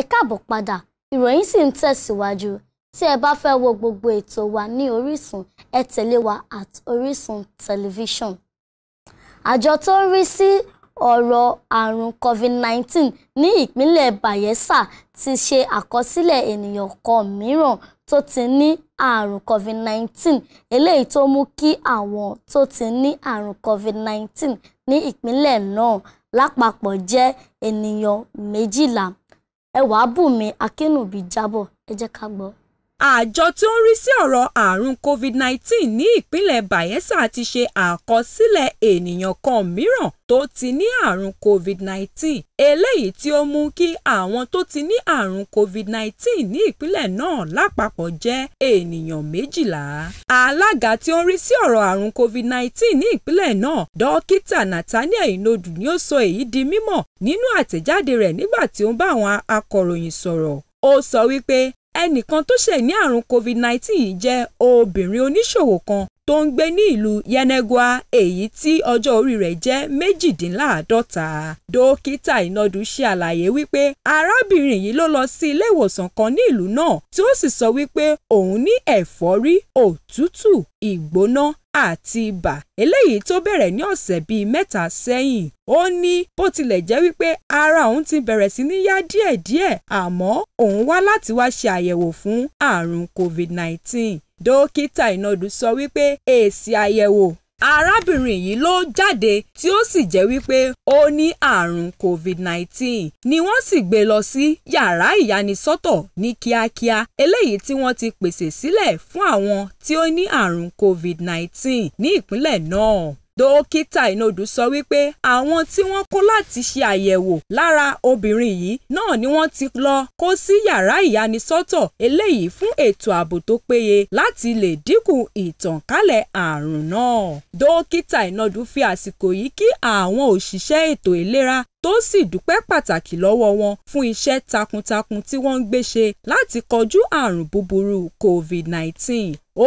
ẹ káàbọ̀ padà ìròyìn sì ń tẹ̀síwájú tí ẹ bá fẹ́ wo gbogbo ètò wa ní Orísun ẹ tẹ̀lé wa at Orísun Television. àjọ tó ń rí sí ọ̀rọ̀ àrùn COVID-19 ní ìpínlẹ̀ Bayelsa ti ṣe àkọsílẹ̀ ènìyàn kan mìíràn tó ti ní àrùn COVID-19 eléyìí tó mú kí àwọn tó ti ní àrùn COVID-19 ní ìpínlẹ̀ náà lápapọ̀ jẹ́ ènìyàn méjìlá ẹwà bùnmi akínúbí jábọ̀ ẹ jẹ́ ká gbọ́. Àjọ tí ó ń rí sí ọ̀rọ̀ àrùn COVID-19 ní ìpínlẹ̀ Bayelsa ti ṣe àkọsílẹ̀ ènìyàn kan mìíràn tó ti ní àrùn COVID-19 eléyìí tí ó mú kí àwọn tó ti ní àrùn COVID-19 ní ìpínlẹ̀ náà lápapọ̀ jẹ́ ènìyàn méjìlá. Alága tí ó ń rí sí ọ̀rọ̀ àrùn COVID-19 ní ìpínlẹ̀ náà Dókítà Nathaniel Inodu ni ó sọ èyí di mímọ̀ nínú àtẹ̀jáde rẹ̀ nígbà tí ó ń bá àwọn akọ̀ròyìn sọ̀rọ̀. Ó sọ wípé Ẹnìkan tó ṣẹ̀ ní àrùn COVID-19 yìí jẹ́ obìnrin oníṣòwò kan tó ń gbé ní ìlú Yenagoa èyí tí ọjọ́ orí rẹ̀ jẹ́ méjìdínláàádọ́ta. Dókítà Ìnàdù ṣe àlàyé wípé arábìnrin yìí ló lọ sí ilé ìwòsàn kan ní ìlú náà tí ó sì sọ wípé òun ní ẹ̀fọ́rí òtútù ìgbóná àti ibà eléyìí tó bẹ̀rẹ̀ ní ọ̀sẹ̀ bíi mẹ́ta sẹ́yìn ó ní bó tilẹ̀ jẹ́ wípé ara òun ti bẹ̀rẹ̀ sí ní yá díẹ̀díẹ̀ àmọ́ òun wá láti wá ṣe àyẹ̀wò fún àrùn COVID-19 dókítà ìnàdù sọ wípé èsì àyẹ̀wò arábìnrin yìí ló jáde tí ó sì jẹ́ wípé ó ní àrùn covid-19 ni wọ́n sì gbé lọ sí yàrá ìyanisọ́tọ̀ ní kíákíá eléyìí tí wọ́n ti pèsè sílẹ̀ fún àwọn tí ó ní àrùn covid-19 ní ìpínlẹ̀ náà. Dókítà Igbeneghu sọ wípé àwọn tí wọ́n kó láti ṣe àyẹ̀wò lára obìnrin yìí náà ni wọ́n ti lọ kó sí yàrá ìyanisọ́tọ̀ eléyìí fún ètò ààbò tó péye láti lè dínkù ìtànkálẹ̀ àrùn náà. Dókítà Igbeneghu fi àsìkò yìí kí àwọn òṣìṣẹ́ ètò ìlera tó sì dúpẹ́ pàtàkì lọ́wọ́ wọn fún iṣẹ́ takuntakun tí wọ́n ń gbé ṣe láti kọjú àrùn búburú COVID-19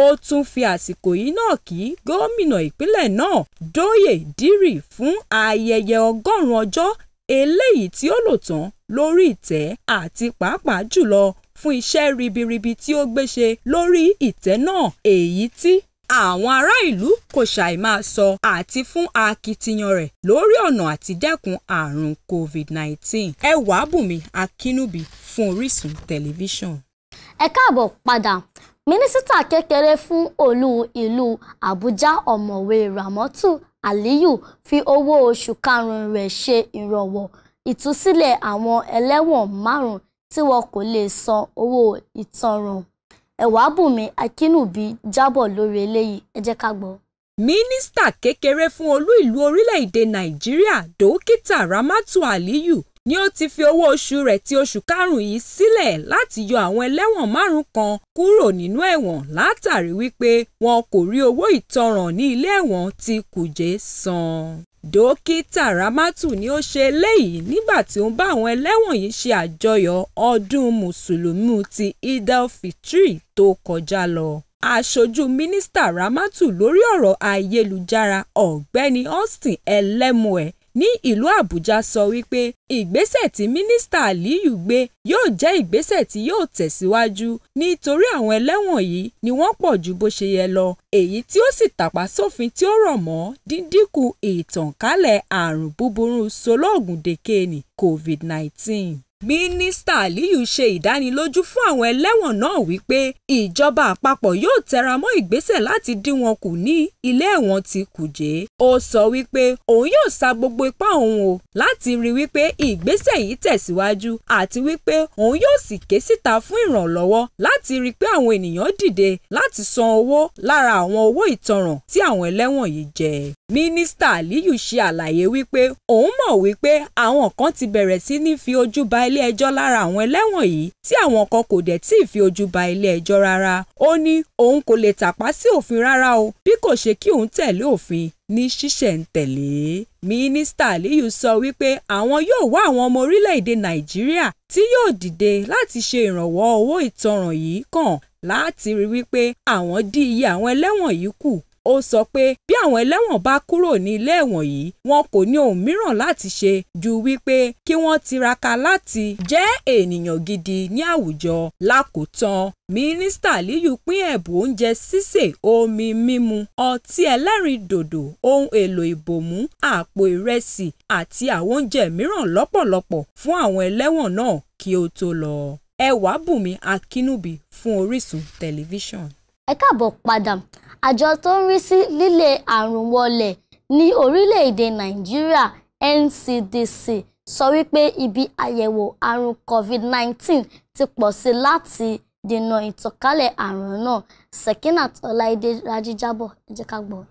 ó tún fi àsìkò yìí náà kí gómìnà ìpínlẹ̀ náà Dóyè Dírì fún ayẹyẹ ọgọ́rùn-ún ọjọ́ eléyìí tí ó lò tán lórí ìtẹ́ àti pàápàá jùlọ fún iṣẹ́ ribiribi tí ó gbé ṣe lórí ìtẹ́ náà èyí tí àwọn ará ìlú kò ṣàì máa sọ àti fún akitiyan rẹ̀ lórí ọ̀nà àti dẹ́kun àrùn COVID-19 ẹwà bùnmi akínúbi fún Orísun tẹlifíṣàn. ẹ káàbọ̀ padà mínísítà kékeré fún olú ìlú Àbújá ọ̀mọ̀wé Ramọ́tù Aliyu fi owó oṣù karùn-ún rẹ̀ ṣe ìrànwọ́ ìtúsílẹ̀ àwọn ẹlẹ́wọ̀n márùn-ún tí wọn kò lè san owó ìtanràn ẹ̀wàbùnmi akínúbí jábọ̀ lórí eléyìí ẹ jẹ́ ká gbọ́. mínísítà kékeré fún olú ìlú orílẹ̀-èdè nàìjíríà dókítà ramatu aliyu ni ó ti fi owó oṣù rẹ̀ ti oṣù karùn-ún yìí sílẹ̀ láti yọ àwọn ẹlẹ́wọ̀n márùn kan kúrò nínú ẹ̀wọ̀n látàrí wípé wọn kò rí owó ìtanràn ní ilé ẹ̀wọ̀n ti kùjé san dókítà rámọ́tù ni ó ṣe eléyìí nígbà tí ó ń bá àwọn ẹlẹ́wọ̀n yìí ṣe àjọyọ̀ ọdún mùsùlùmí ti idel-fitri tó kọjá lọ. aṣojú mínísítà rámọ́tù lórí ọ̀rọ̀ ayélujára ọ̀gbẹ́ni austin ẹlẹ́mùẹ́ ní ìlú Àbújá sọ wípé ìgbésẹ̀ tí Mínísítà Aliyu gbé yóò jẹ́ ìgbésẹ̀ tí yóò tẹ̀síwájú nítorí àwọn ẹlẹ́wọ̀n yìí ni wọ́n pọ̀ ju bó ṣe yẹ lọ, èyí tí ó sì tàpá sófin tí ó rọ̀ mọ́ dídínkù ìtànkálẹ̀ àrùn búburú sológun-dínkèénì (COVID-19). Mínísítà Aliyu ṣe ìdánilójú fún àwọn ẹlẹ́wọ̀n náà wípé ìjọba àpapọ̀ yóò tẹramọ́ ìgbésẹ̀ láti dín wọn kù ní ilé ẹ̀wọ̀n ti Kùjé. Ó sọ wípé òun yóò sa gbogbo ipá òun o láti rí wípé ìgbésẹ̀ yìí tẹ̀síwájú àti wípé òun yóò sì ké síta fún ìrànlọ́wọ́ láti rí pé àwọn ènìyàn dìde láti san owó lára àwọn owó ìtanràn tí àwọn ẹlẹ́wọ̀n yìí jẹ. Mínísítà Aliyu ṣe àlàyé wípé òun mọ̀ wípé àwọn kan ti bẹ̀rẹ̀ sí ní fi ojú ba ilé-ẹjọ́ lára àwọn ẹlẹ́wọ̀n yìí tí àwọn kan kò dẹ̀ tí ì fi ojú ba ilé-ẹjọ́ rárá ó ní òun kò lè tàpá sí òfin rárá o bí kò ṣe kí òun tẹ̀lé òfin ní ṣísẹ̀ntẹ̀lé mínísítà Aliyu sọ wípé àwọn yóò wá àwọn ọmọ orílẹ̀-èdè Nàìjíríà tí yóò dìde láti ṣe ìrànwọ́ owó ìtanràn yìí kàn láti rí wípé àwọn dí iye àwọn ẹlẹ́wọ̀n yìí kù ó sọ pé bí àwọn ẹlẹ́wọ̀n bá kúrò ní ilé ẹ̀wọ̀n yìí wọn kò ní ohun mìíràn láti ṣe ju wípé kí wọ́n tiraka láti jẹ́ ènìyàn gidi ní àwùjọ lákòótán mínísítà Aliyu pín ẹ̀bùn oúnjẹ sísè omi mímu ọtí ẹlẹ́rìndòdò ohun èlò ìbòmú àpò ìrẹsì àti àwọn oúnjẹ mìíràn lọ́pọ̀lọpọ̀ fún àwọn ẹlẹ́wọ̀n náà kí ó tó lọ. Ẹwàbùnmi Akínúbí fún Orísun tẹlifíṣàn ẹ káàbọ̀ padà àjọ tó ń rí sí lílé àrùn wọlẹ̀ ní orílẹ̀-èdè nàìjíríà ncdc sọ wípé ibi àyẹ̀wò àrùn covid-19 ti pọ̀ sí láti dènà ìtànkálẹ̀ àrùn náà sekinat ọláìdé rajíjábọ̀ ẹ jẹ́ ká gbọ́.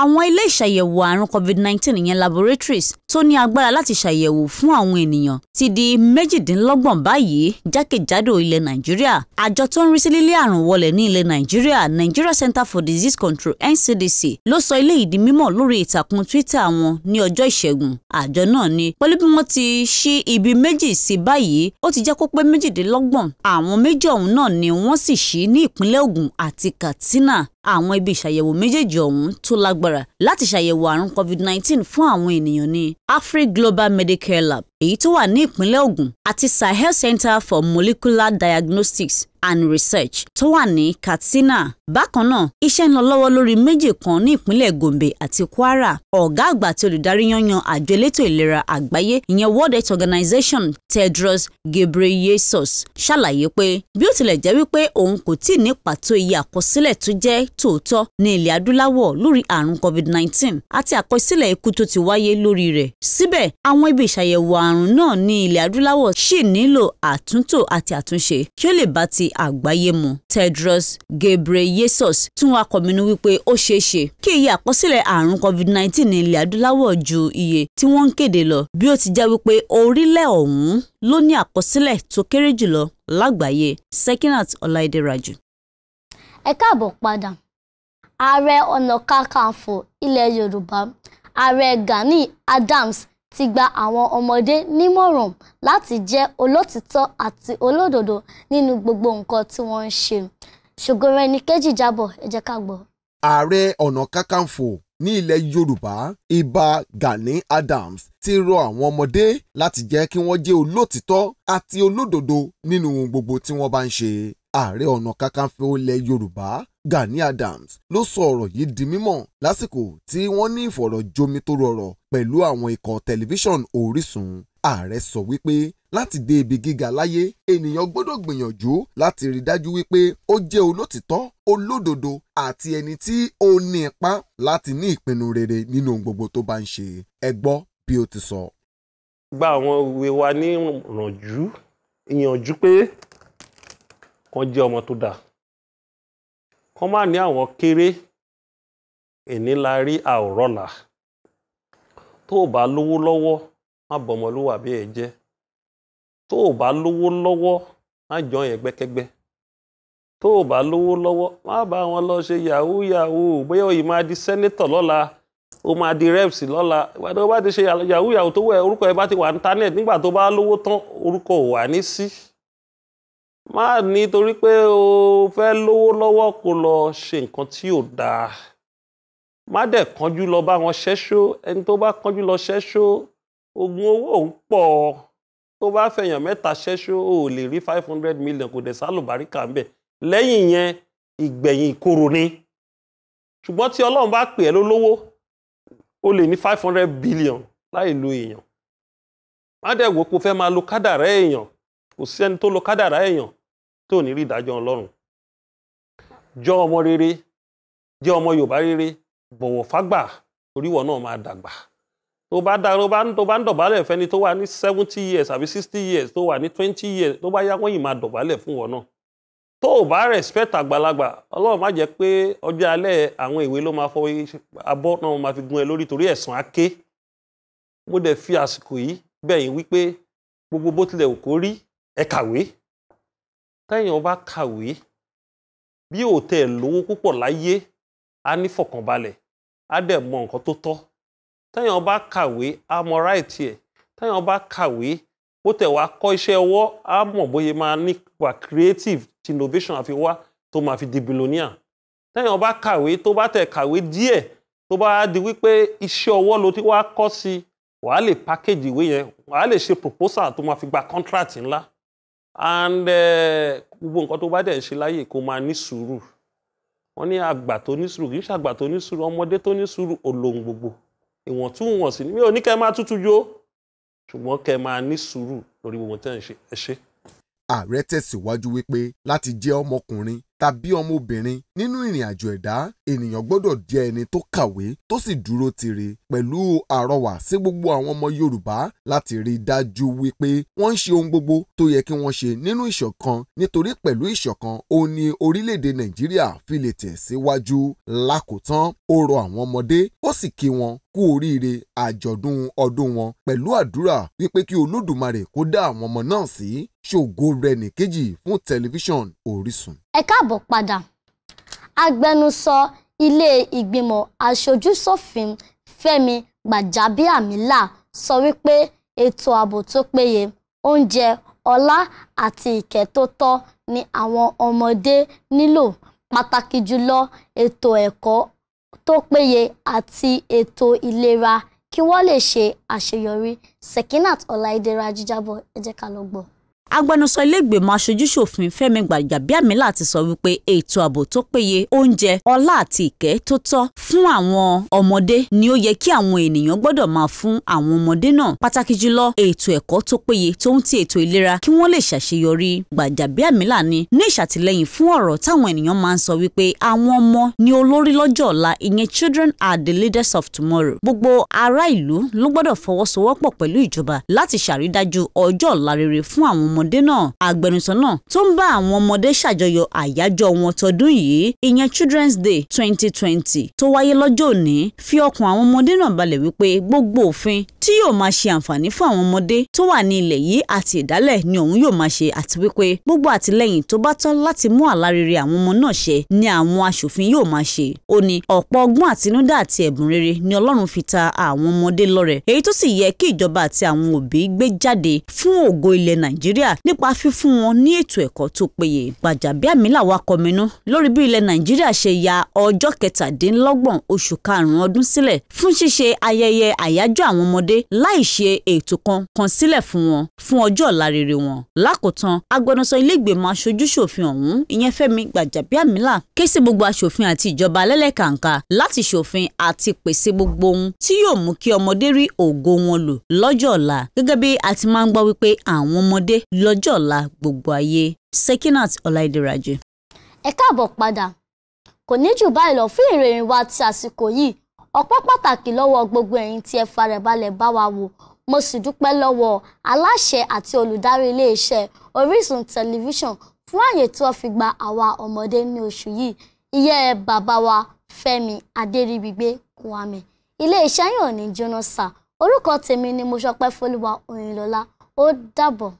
àwọn ilé ìṣàyẹ̀wò àrùn covid-19 ìyẹn laboratories tó ní agbára láti ṣàyẹ̀wò fún àwọn ènìyàn ti di méjìdínlọ́gbọ̀n báyìí jákèjádò ilẹ̀ nàìjíríà àjọ tó ń rí sí lílé àrùn wọlé ní ilẹ̀ nàìjíríà nigeria center for disease control ncdc ló sọ ilé ìdí mímọ̀ lórí ìtàkùn twitter wọn ní ọjọ́ ìṣẹ́gun àjọ náà ni pẹ̀lú bí wọ́n ti ṣí ibi méjì sí báyìí ó ti jẹ́ kó pé méjìdínlọ́gbọ̀n àwọn méjì ọ̀hún náà ni wọ́n sì ṣí ní ìpínlẹ̀ ògùn àti katsina àwọn ibi ìṣàyẹ̀wò méjèèjì ọ̀hún tó lágbára láti ṣàyẹ̀wò àrùn covid-19 fún àwọn ènìyàn ni Afri Global Medicare Lab èyí tó wà ní ìpínlẹ̀ Ògùn àti Sahel Center for Molecular Diagnostics and Research tó wà ní Katsina. Bákan náà iṣẹ́ ń lọ lọ́wọ́ lórí méjì kan ní ìpínlẹ̀ Gombe àti Kwara. Ọ̀gá àgbà àti olùdarí yanyan àjọ elétò ìlera àgbáyé ìyẹn World Health Organization Tedros Ghebreyesus ṣàlàyé pé bí ó tilẹ̀ jẹ́ wípé òun kò tíì ní pàtó iye àkọsílẹ̀ tó jẹ́ tòótọ́ ní ilẹ̀ adúláwọ̀ lórí àrùn COVID-19 àti àkọsílẹ̀ ikú tó ti wáyé lórí rẹ̀. Síbẹ̀ àwọn ibi ìṣàyẹ̀wò àrùn àrùn náà ní ilẹ̀ adúláwọ̀ ṣì nílò àtúntò àti àtúnṣe kí ó lè bá ti àgbáyé mu Tedros Ghebreyesus tún wá kọminú wípé ó ṣeé ṣe kí iye àkọsílẹ̀ àrùn COVID-19 ní ilẹ̀ adúláwọ̀ ju iye tí wọ́n ń kéde lọ bí ó ti jẹ́ wípé orílẹ̀ ọ̀hún ló ní àkọsílẹ̀ tó kéré jùlọ lágbàáyé Sekinat Ọláìdé Rájí. ẹ káàbọ̀ padà ààrẹ ọ̀nà kakanfò ilẹ̀ yorùbá ààrẹ Gani Adams ti gba àwọn ọmọdé nímọ̀ràn láti jẹ́ olótìtọ́ àti olódodo nínú gbogbo nǹkan tí wọ́n ń ṣe. Ṣògorẹ́nìkejì jábọ̀ ẹ jẹ́ ká gbọ́. Ààrẹ ọ̀nà kakanfò ní ilẹ̀ Yorùbá Ìbà Gani Adams ti rọ àwọn ọmọdé láti jẹ́ kí wọ́n jẹ́ olótìtọ́ àti olódodo nínú gbogbo tí wọ́n bá ń ṣe. Ààrẹ ọ̀nà kakanfò ilẹ̀ Yorùbá Gani Adams ló sọ ọ̀rọ̀ yìí di mímọ̀ lásìkò tí wọ́n ní ìfọ̀rọ̀jomitoro ọ̀rọ̀ pẹ̀lú àwọn ikọ̀ tẹlifíṣọ̀n Orísun ààrẹ sọ wípé láti dé ibi gíga láyé ènìyàn gbọ́dọ̀ gbìyànjú láti rí dájú wípé ó jẹ́ olótìtọ́ olódodo àti ẹni tí ó ní ipá láti ní ìpinnu rere nínú ohun gbogbo tó bá ń ṣe ẹ gbọ́ bí ó ti sọ. gba àwọn òwe wa ní ìrànjú ìyànjú pé kàn jẹ́ ọmọ tó dáa kọ́ má ní àwọn kéré èní la rí àwòrán là tó o bá lówó lọ́wọ́ má bọmọlúwàbí ẹ jẹ́ tó o bá lówó lọ́wọ́ má jọ yẹn gbẹ́kẹ́gbẹ́ tó o bá lówó lọ́wọ́ má bá wọn lọ ṣe yahoo yahoo bóyá òyìn máa di sẹ́nẹ́tọ̀ lọ́la o máa di reps lọ́la ìgbà bá ti ṣe yahoo yahoo tó wẹ̀ orúkọ ẹ bá ti wà ní internet nígbà tó bá lówó tán orúkọ ò wà ní sí. Si má nítorí pé o fẹ́ lówó lọ́wọ́ kó lọ ṣe nǹkan tí ò dáa má dẹ̀ kánjú lọ bá wọn ṣẹ́ṣó ẹni tó bá kánjú lọ ṣẹ́ṣó ogun owó òun pọ̀ tó bá fẹ̀yàn mẹ́ta ṣẹ́ṣó o ò lè rí five hundred million kò dẹ̀ sálùbáríkà ń bẹ̀ lẹ́yìn yẹn ìgbẹ̀yìn ìkorò ni ṣùgbọ́n tí ọlọ́run bá pè ẹ́ lólówó o lè ní five hundred billion láì lo èèyàn má dẹ̀ wò pé o fẹ́ máa lo kádàrá èèyàn kò sí ẹni tó lo kádàrá èèyàn tó ní rí ìdájọ́ ọlọ́run jọ ọmọ rere jẹ́ ọmọ yorùbá rere bọ̀wọ̀ fágbà oríwọ náà máa dàgbà tó bá dá tó bá ń tó bá ń dọ̀bálẹ̀ fẹ́ni tó wà ní seventy years àbí sixty years tó wà ní twenty years tó bá yá wọ́n yìí máa dọ̀bálẹ̀ fún wọn náà tó o bá respect àgbàlagbà ọlọ́run má jẹ́ pé ọjọ́ alẹ́ àwọn ìwé ló máa fọwọ́ abọ́ náà máa fi gun ẹ lórí torí ẹ̀sán aké mo dẹ̀ fi àsìkò yìí bẹ̀yìn wípé gbogbo bó tilẹ̀ ò ẹ kàwé tẹ́yàn bá kàwé bí ò tẹ̀ lówó púpọ̀ láyé á ní fọ̀kànbalẹ̀ á dẹ̀ mọ nǹkan tó tọ́ tẹ́yàn bá kàwé á mọ ráìtì ẹ̀ tẹ́yàn bá kàwé ó tẹ̀ wá kọ́ iṣẹ́ ọwọ́ á mọ̀ bóyá máa nípa creative innovation àfi wá tó máa fi di billionaire tẹ́yàn bá kàwé tó bá tẹ̀ kàwé díẹ̀ tó bá di wípé iṣẹ́ ọwọ́ ló ti wá kọ́ sí wàá lè package ìwé yẹn wàá lè ṣe proposal tó máa fi gba contract ńlá and eh, gbogbo nǹkan tó bá dẹ̀ ń ṣe láyè kó máa ní sùúrù wọ́n ní àgbà tó ní sùúrù kì í ṣàgbà tó ní sùúrù ọmọdé tó ní sùúrù olóhùn gbogbo ìwọ̀ntúnwọ̀nsì ni mi ò ní kẹ́ máa tútù yó ṣùgbọ́n kẹ́ máa ní sùúrù lórí gbogbo tẹ́ ń ṣe ẹ ṣe. ààrẹ tẹ̀síwájú wípé láti jẹ́ ọmọkùnrin tàbí ọmọbìnrin nínú ìrìn àjò ẹ̀dá ènìyàn gbọ́dọ̀ jẹ́ ẹni tó kàwé tó sì dúró tire pẹ̀lú àrọwà sí gbogbo àwọn ọmọ Yorùbá láti rí i dájú wípé wọ́n ń ṣe ohun gbogbo tó yẹ kí wọ́n ṣe nínú ìṣọ̀kan nítorí pẹ̀lú ìṣọ̀kan ó ní orílẹ̀-èdè Nàìjíríà fi lè tẹ̀ síwájú lákòótán ó rọ àwọn ọmọdé ó sì kí wọn kú oríire àjọ̀dún ọdún wọn pẹ̀lú àdúrà wípé kí olódùmarè kó dá àwọn ọmọ náà sí ṣògo rẹ nìkejì fún tẹlifíṣàn Orísun. ẹ káàbọ̀ padà agbẹnusọ ilé ìgbìmọ̀ aṣojúṣòfin Fẹ́mi Gbàjábíàmílà sọ wípé ètò ààbò tó péye oúnjẹ ọlá àti ìkẹ́ tó tọ́ ni àwọn ọmọdé nílò pàtàkì jùlọ ètò ẹ̀kọ́ tó péye àti ètò ìlera kí wọ́n lè ṣe àṣeyọrí Sekinat Ọláìdé Raji ẹ jẹ́ ká lọ gbọ́ agbẹnusọ iléègbèmọ̀ aṣojúṣòfin Fẹ́mi Gbàjàbíàmílà ti sọ wípé ètò ààbò tó péye oúnjẹ ọlá àti ìkẹ́ tó tọ́ fún àwọn ọmọdé ni ó yẹ kí àwọn ènìyàn gbọ́dọ̀ máa fún àwọn ọmọdé náà pàtàkì jùlọ ètò ẹ̀kọ́ tó péye tó ń ti ètò ìlera kí wọ́n lè ṣàṣeyọrí Gbàjàbíàmílà ni ní ìṣàtìlẹ́yìn fún ọ̀rọ̀ táwọn ènìyàn máa ń sọ wípé àwọn ọmọ ni olórí lọ́jọ́ ọ̀la ìyẹn children are the leaders of tomorrow gbogbo ará ìlú ló gbọ́dọ̀ fọwọ́sowọ́pọ̀ pẹ̀lú ìjọba láti ṣàrídájú ọjọ́ ọ̀la rere fún ọmọdé náà agbẹnusọ náà tó ń bá àwọn ọmọdé ṣàjọyọ̀ àyájọ́ wọn tọdún yìí ìyẹn Children's Day 2020 tó wáyé lọ́jọ́ òní fi ọkàn àwọn ọmọdé náà balẹ̀ wípé gbogbo òfin tí yóò máa ṣe àǹfààní fún àwọn ọmọdé tó wà ní ilẹ̀ yìí àti ìdálẹ̀ ni òun yóò máa ṣe àti wípé gbogbo àtìlẹ́yìn tó bá tán láti mú àlárere àwọn ọmọ náà ṣe ni àwọn aṣòfin yóò máa ṣe ó ní ọ̀pọ̀ ọgbọ́n àtinúdá àti ẹ̀bùn rere ni Ọlọ́run fi ta àwọn ọmọdé lọ́rẹ èyí tó sì yẹ kí ìjọba àti àwọn òbí gbé jáde fún ògo ilẹ̀ Nàìjíríà nípa fífún wọn ní ètò ẹ̀kọ́ tó péye. Gbàjàbíàmílà wa kọminú lórí bí ilẹ̀ Nàìjíríà ṣe ya ọjọ́ kẹtàdínlọ́gbọ̀n oṣù karùn-ún ọdún sílẹ̀ fún ṣíṣe ayẹyẹ àyájọ́ àwọn ọmọdé láì ṣe ètò kan kan sílẹ̀ fún wọn fún ọjọ́ ọ̀la rere wọn. Lákòótán agbẹnusọ ilé ìgbìmọ̀ aṣojúṣòfin ọ̀hún ìyẹn Fẹ́mi Gbàjàbíàmílà ké sí gbogbo aṣòfin àti ìjọba lẹ́lẹ́kàǹkà láti ṣòfin àti pèsè gbogbo ohun tí yóò mú kí ọmọdé rí ògo wọn lò lọ́jọ́ ọ̀la gẹ́gẹ́ bí a ti máa ń gbọ́ wípé àwọn ọmọdé lọ́jọ́ ọ̀la gbogbo ayé Sekinat Ọláìdíraje. ẹ káàbọ̀ padà kò ní jù báyìí lọ fún ìròyìn wa ti àsìkò yìí ọpẹ́ pàtàkì lọ́wọ́ gbogbo ẹ̀yin tí ẹ farabalẹ̀ bá wa wò mo sì dúpẹ́ lọ́wọ́ aláṣẹ àti olùdarí iléeṣẹ́ Orísun tẹlifíṣàn fún àyè tí wọ́n fi gba àwa ọmọdé ní oṣù yìí ìyẹn bàbá wa Fẹ́mi Adéríbigbé Kwame iléeṣẹ́ yìí ò ní jóná sá orúkọ tèmi ni Mọ́ṣọpẹ́ Fọlúwa Òyìnlọ́lá ó dàbọ̀.